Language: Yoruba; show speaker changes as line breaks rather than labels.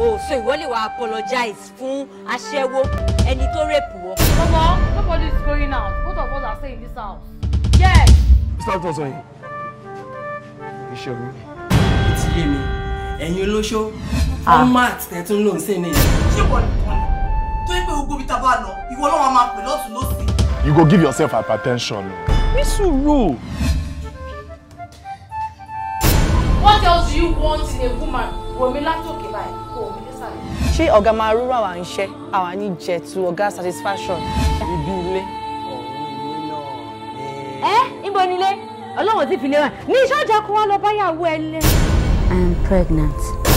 o so ìwọ lè wá apologize fún aṣẹ́wó ẹni tó rape wọ. Mama, nobody is going out. Both of us are
staying in this house. Yes.
Mr. Abdul sọ yẹn. Iṣẹ́ mi. Ó ti yé mi. Ẹ̀yin olóṣó. Format ah. tẹ̀ tún lò ń sè ní. Ṣé wọ́n nìkan ni?
Tó ń pè gbogbo ibi tá bá lọ, ìwọ lọ́wọ́ máa pè lọ́tún
lọ́sìn. You go give yourself hypertension.
Ní sùúrù.
What else do you want in a woman? Wòmí látòkè báyìí, kò wòmí nísàlẹ̀.
Ṣé ọ̀gá máa rúrú àwa ń ṣẹ́, àwa ní jẹ̀tù ọ̀gá satisfaction? Ibi ilé. Ẹ níbo nílé? Ọlọ́run ti fi lé wọn. Ní iṣẹ́ kan wá lọ báyàwó ẹ
lẹ. I
am pregnant.